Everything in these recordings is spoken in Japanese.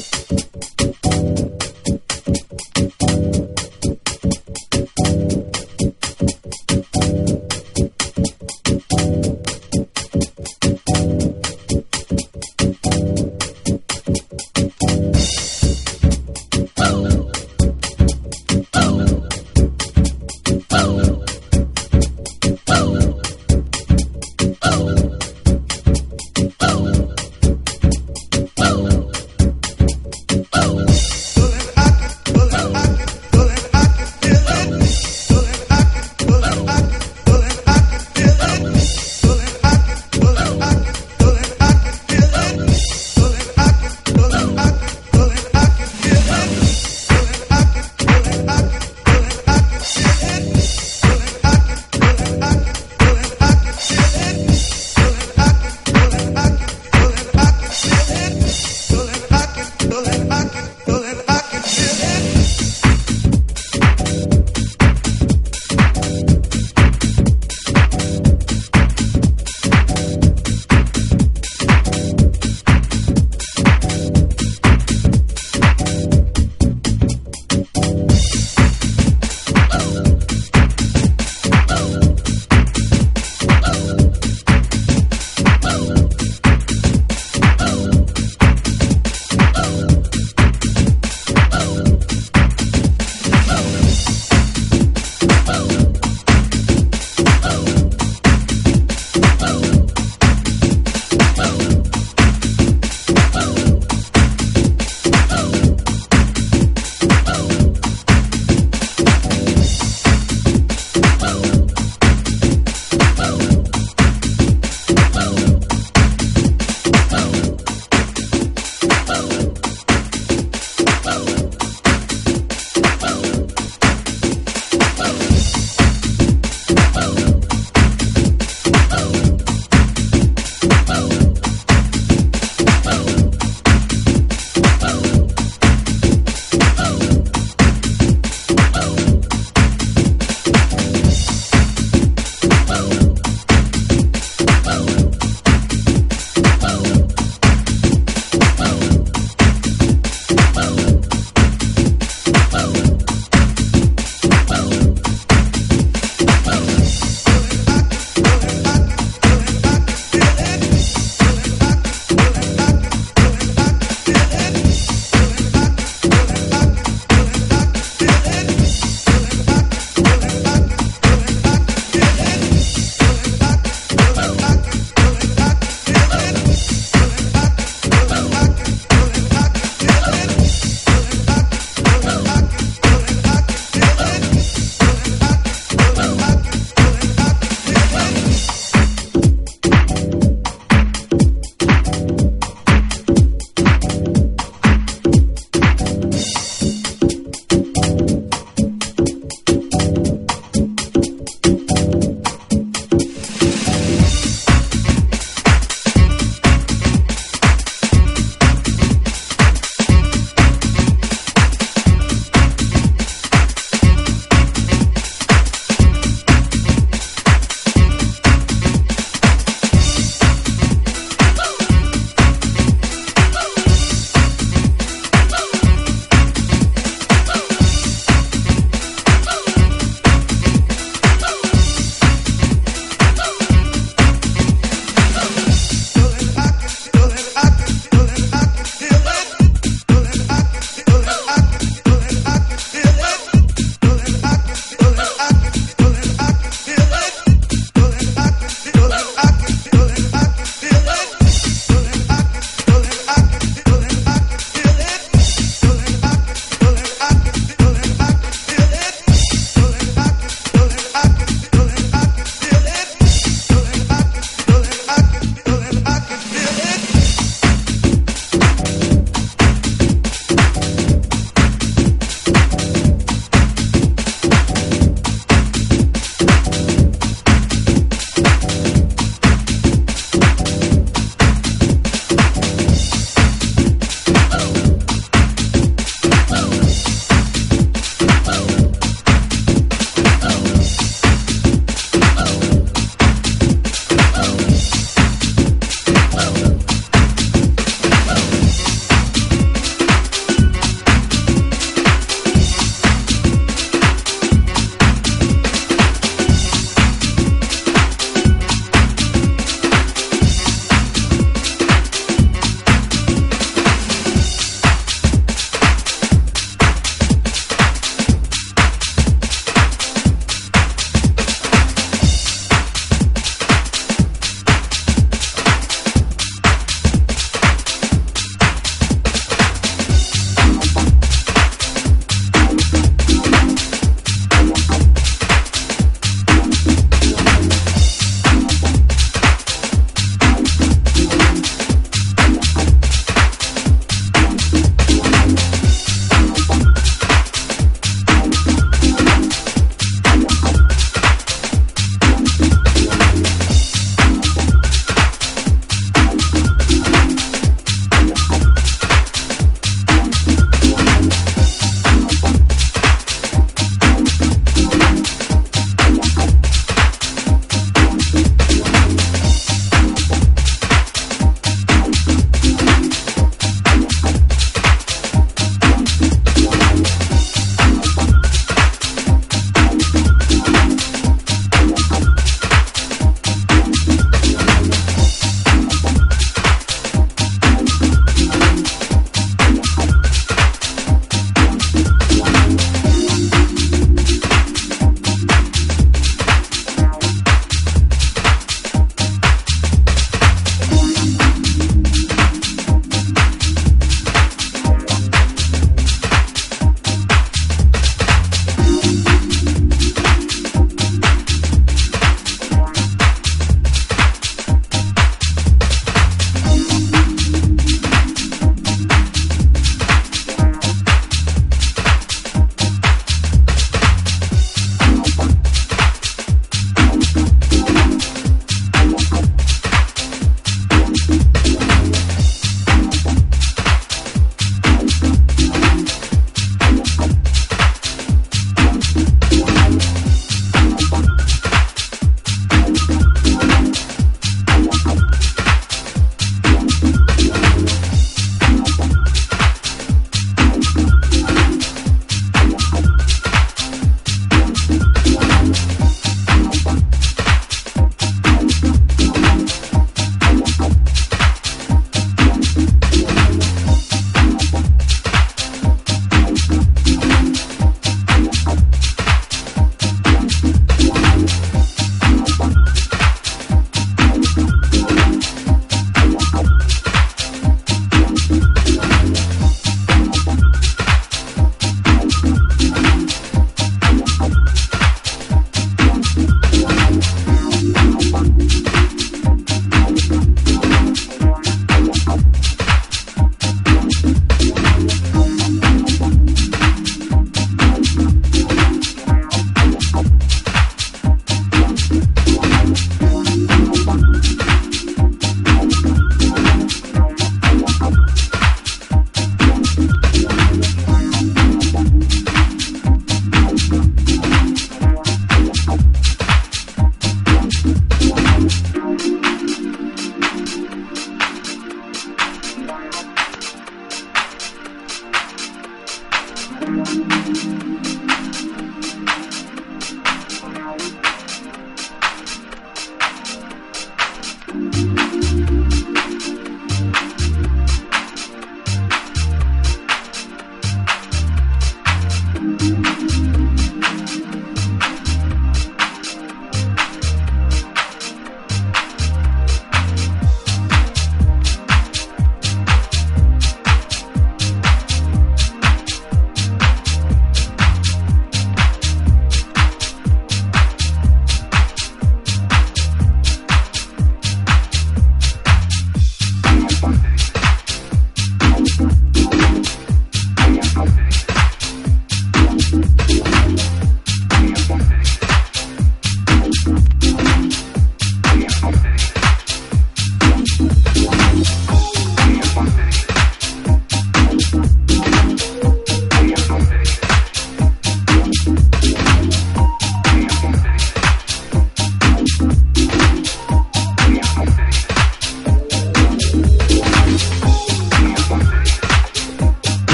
Thank you.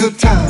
good time.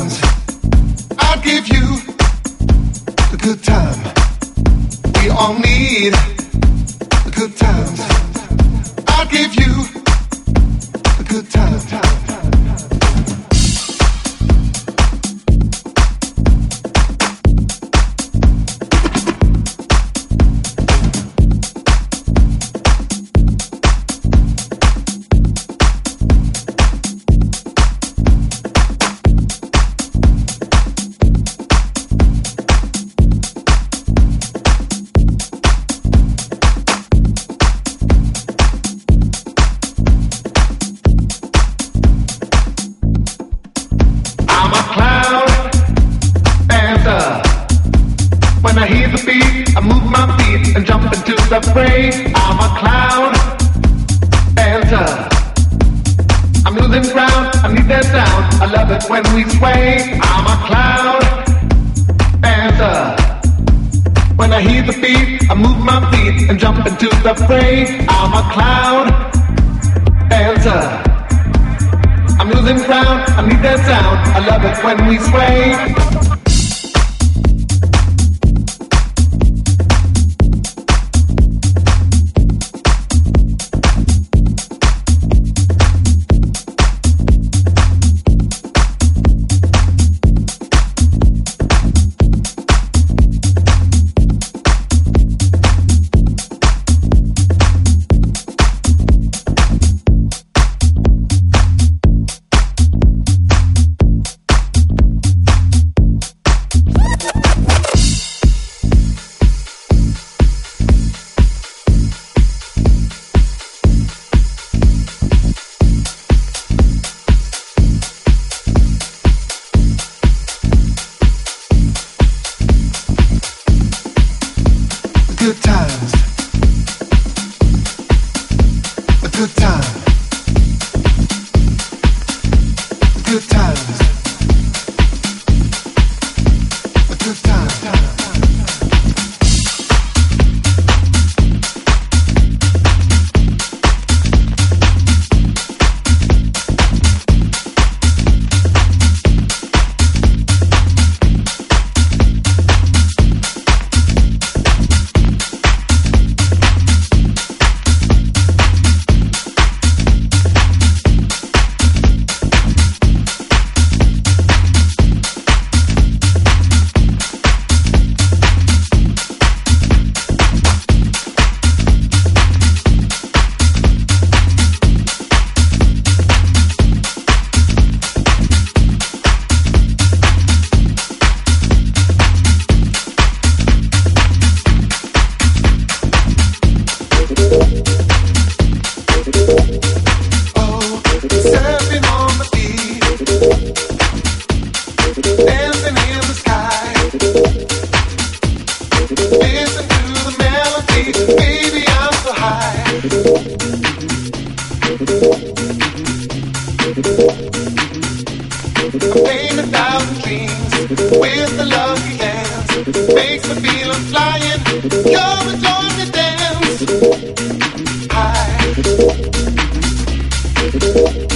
Thank